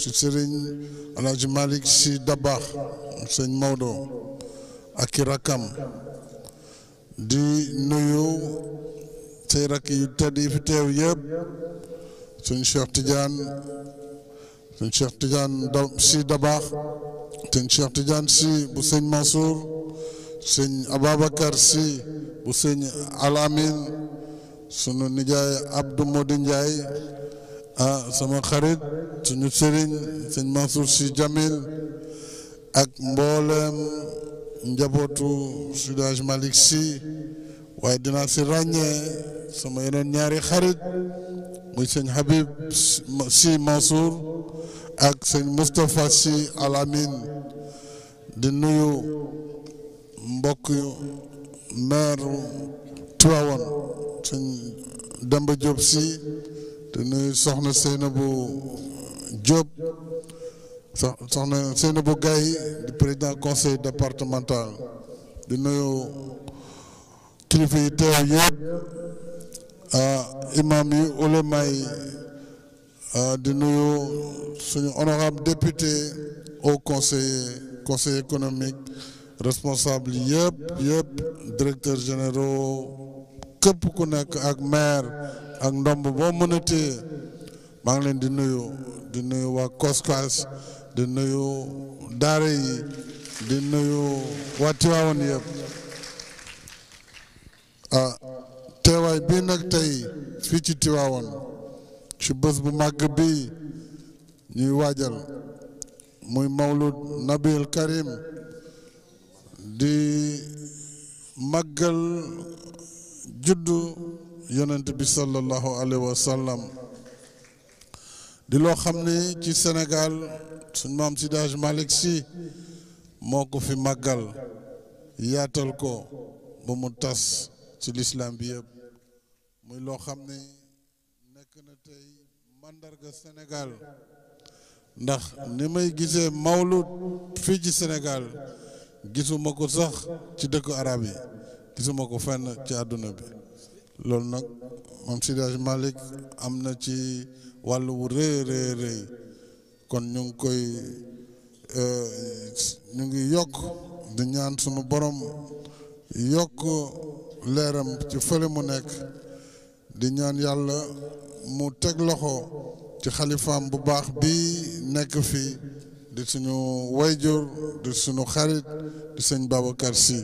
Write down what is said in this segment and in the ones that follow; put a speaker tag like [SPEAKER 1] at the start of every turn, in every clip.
[SPEAKER 1] ci sëriñ Alaaji Malick si Dabaax sëñ Maodo ak i di nuyu say rakk yu tedd yi fi teew yëpp suñ Cheikh Tidiane suñ si Dabaax sëñ si bu sëñ Mansour sëñ Ababacar si bu sëñ Alamin sunu nijaay Abdou Modou Ndiaye ah sama xarit suñu sëriñ sëñ Mansour si Jamil ak mboolem njabootu sudage Malick si waaye dinaa si ràññee sama yeneen ñaari xarit muy sëñ si Mansour ak sëñ Moustapha si Alamin di nuyu mbokk maire Tivaouane sëñ Demba Diop si Nous sommes soxna président président conseil départemental Nous ah, ah, sommes honorable député au conseil conseil économique responsable YEP, directeur képp ku nekk ak maire ak ndomb boo mën a téye maa ngi leen di nuyu di nuyu waa Koskas di nuyu daara yi di nuyu waa Tiwaawan yëpp ah teewaay bii nag tey fii ci Tiwaawan ci bés bu màgg bii ñuy waajal muy mawlud nabil karim di màggal juddu yonent bi sallallahu alayhi wa di loo xam ni ci Sénégal suñ maam Seydi Hadji Malick Sy moo ko fi màggal yaatal ko ba mu tas ci lislaam bi yëpp muy loo xam ni nekk na tey màndarga Sénégal ndax ni may gisee mawlud fii ci Sénégal gisuma ko sax ci dëkk araab yi gisuma ko fenn ci àdduna bi loolu nag moom Seydi Hadji am na ci wàll wu rëy rëy rëy kon ñu ngi koy euh, ñu ngi yokk di ñaan suñu borom yokk leeram ci fale mu nekk di ñaan yàlla mu teg loxo ci xalifaam bu baax bi nekk fii di suñu wayjur di suñu xarit di sëñ Babacar Sy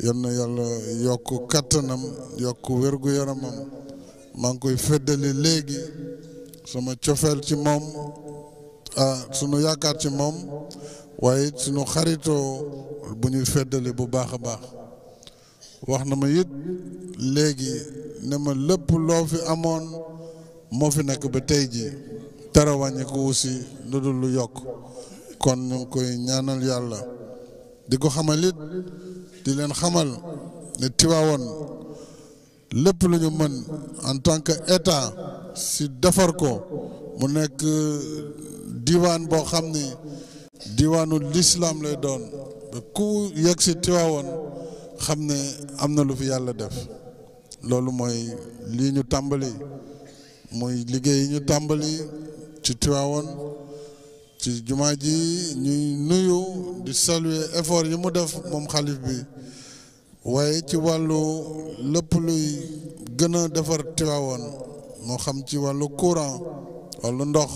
[SPEAKER 1] yal na yàlla yokk kattanam yokk wérgu yaramam maa ngi koy feddali léegi sama cofeel ci moom ah sunu yaakaar ci moom waaye it sunu xaritoo bu ñuy feddali bu baax a baax wax na ma it léegi ne ma lépp loo fi amoon moo fi nekk ba tey jii dara wàññiku aussi lu dul lu yokk kon ñu koy ñaanal yàlla di ko xamal it di leen xamal ne Tiwaawoon lépp lu ñu mën en tant que état si defar ko mu nekk euh, diwaan boo xam ni diwaanu lislaam lay doon ba ku yegg si Tiwaawoon xam ne am na lu fi yàlla def loolu mooy lii ñu tàmbali muy liggéey yi ñu tàmbali ci Tiwaawoon ci jumaa ji ñuy nuyu di saluer effort yi mu def mom xalif bi waye ci walu lepp luy gëna defar Tiwaawoon xam ci walu courant walu ndox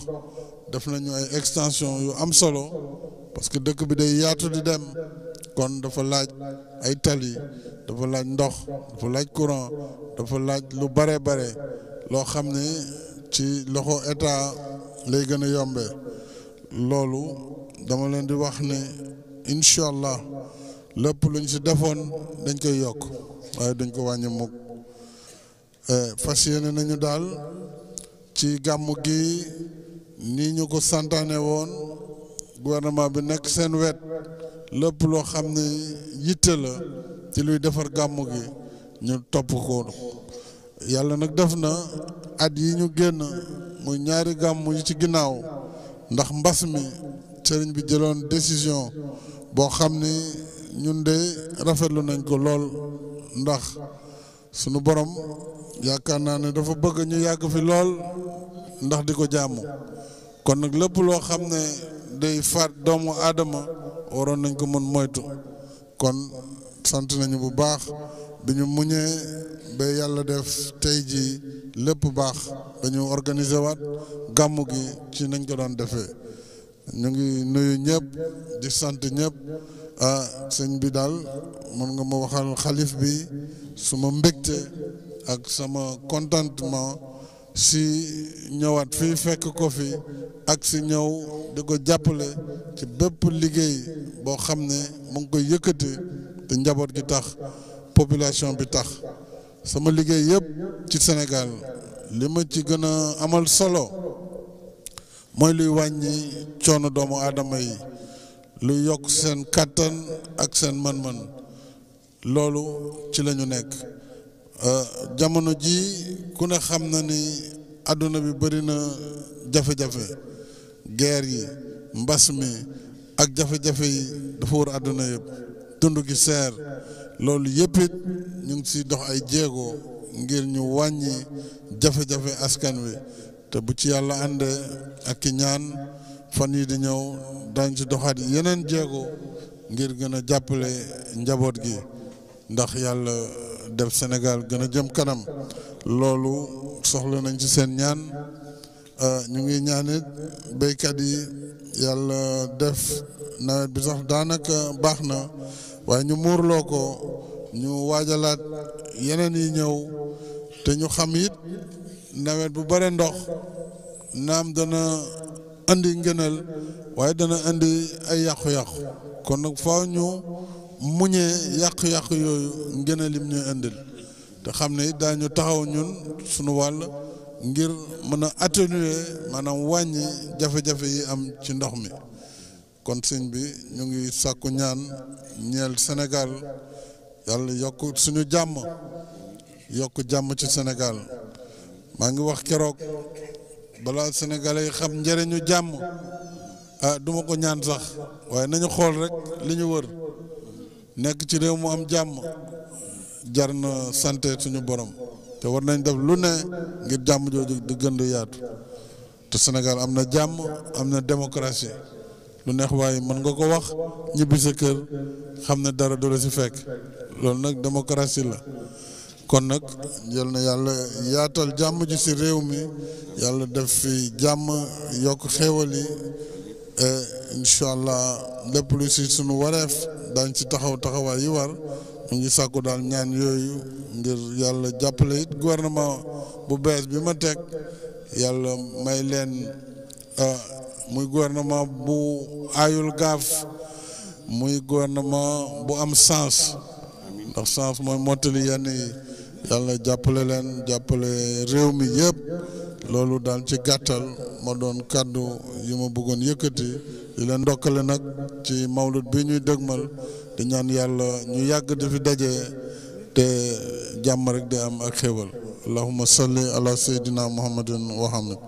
[SPEAKER 1] def nañu ay extension yu am solo parce que dëkk bi day yaatu di dem kon dafa laaj ay tali dafa laaj ndox dafa laaj courant dafa laaj lu bare bare lo xam ci loxo état lay gëna yombé loolu dama leen di wax ne incha allah lépp luñ si defoon dañ koy yokk waaye dañ ko wàññi mukk eh, fas yéene nañu daal ci gàmmu gi nii ñu ko santaane woon gouvernement bi nekk seen wet lépp loo xam ne yitte la ci luy defar gàmmu gi ñu topp ko yàlla nag def na at yi ñu génn muy ñaari gàmm yi ci ginnaaw ndax mbas mi sëriñ bi jëloon décision boo xam ni ñun de rafetlu nañ ko lool ndax sunu boroom yaakaar naa ne dafa bëgg ñu yàgg fi lool ndax di ko jaamu kon nag lépp loo xam ne day faat doomu aadama waroon nañ ko mën moytu kon sant nañu bu baax bi ñu muñee ba yàlla def tey jii lépp baax dañu organiser waat gàmmu gi ci nañ ko doon defee ñu ngi nuyu ñëpp di sant ñëpp ah sëñ bi daal mën nga ma waxal xalif bi suma mbégte ak sama contentement si ñëwaat fii fekk ko fi ak si ñëw di ko jàppale ci bépp liggéey boo xam ne mu ngi koy yëkkati te njaboot gi tax population bi tax sama liggéey yëpp ci Sénégal li ma ci gën a amal solo mooy luy wàññi coono doomu aadama yi lu yokk seen kàttan ak seen man man loolu ci lañu ñu nekk euh, jamono ji ku ne xam na ni àdduna bi bëri na jafe-jafe guerre yi mbas mi ak jafe-jafe yi dafa wër àdduna yëpp tund gi seer loolu yëpp it ñu ngi siy dox ay jéego ngir ñu wàññi jafe-jafe askan wi te bu ci yàlla ànd ak ki ñaan fan yi di ñëw dañ ci doxaat yeneen jéego ngir gën a jàppale njaboot gi ndax yàlla def Sénégal gën a jëm kanam loolu soxla nañ ci seen ñaan Euh, ñu ngi ñaanit béykat yi yàlla def nawet bi sax daanaka baax na waaye ñu muurloo ko ñu waajalaat yeneen yi ñëw te ñu xam it nawet bu bare ndox naam dana indi ngënal waaye dana indi ay yàqu-yàqu kon nag faaw ñu muñee yàqu-yàqu yooyu ngënal lim ñuy indil te xam ne it daañu taxaw ñun sunu wàll ngir mën a atténuer maanaam wàññi jafe-jafe yi am ci ndox mi kon sëñ bi ñu ngi sàkku ñaan ñeel senegal yàlla yokk suñu jàmm yokk jàmm ci Sénégal maa ngi wax keroog balaa sénégalais yi xam njëriñu jàmm a ah, duma ko ñaan sax waaye nañu xool rek li ñu wër nekk ci réew mu am jàmm jar na sant suñu borom. te war nañ def lu ne ngir jàmm jooju di gën di yaatu te Sénégal am na jàmm am na démocratie lu neex waaye mën nga ko wax ñibbi sa kër xam na dara du la si fekk loolu nag démocratie la kon nag jël na yàlla yaatal jàmm ji si réew mi yàlla def fi jàmm yokk xéewal yi eh, incha allah lépp lu si sunu wareef daañ si taxaw taxawaay yi war mu ngi sàkku daal ñaan yooyu ngir yàlla jàppale it gouvernement bu bees bi ma teg yàlla may leen muy gouvernement bu ayul gaaf muy gouvernement bu am sens ndax sens mooy mottali yenn yi yàlla jàppale leen jàppale réew mi yëpp loolu daal ci gàttal ma doon kàddu yi ma bëggoon yëkkati di leen dokkale nag ci mawlud bi ñuy dëgmal dañaan yàlla ñu yàgg dafi daje te jàmm rek di am ak xéwal allahumma salli ala sayyidina muhammadin wa hamid